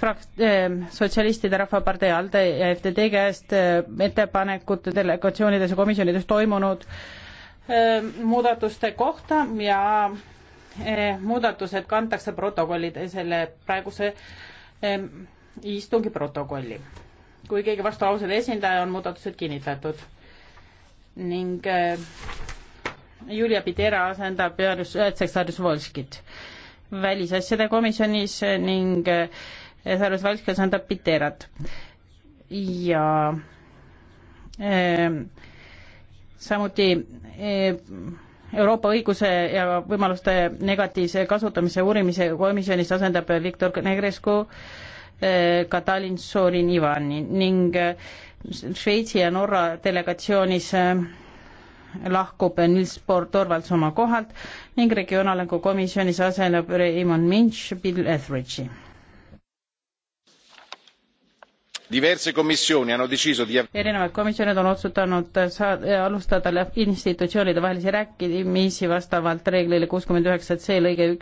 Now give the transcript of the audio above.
frakt- äh,, eh, Sotsialistide Rahvapartei ALDE ja FDD käest äh, eh, ettepanekut delegatsioonides ja komisjonides toimunud äh, muudatuste kohta ja muudatused kantakse protokollide, selle praeguse istungi protokolli. kui keegi vastulausele esindaja, on muudatused kinnitatud. ning Julia Pidera asendab Jaanus Tseksaris äh, Volskit välisasjade komisjonis ning eh, Sarves Valskas andab Piterat. ja eh, samuti eh, Euroopa õiguse ja võimaluste negatiivse kasutamise uurimise komisjonis asendab Viktor Negrescu Katalin Sorin Ivani ning Šveitsi ja Norra delegatsioonis lahkub Nils Torvalds oma kohalt ning Regionaalarengu komisjonis asendab Raymond Minch Bill Etheridge'i. diverse commissioni hanno deciso di erinevad komisjonid on otsustanud saad, alustada institutsioonide vahelisi rääkimisi vastavalt reeglile kuuskümmend üheksa c lõige üks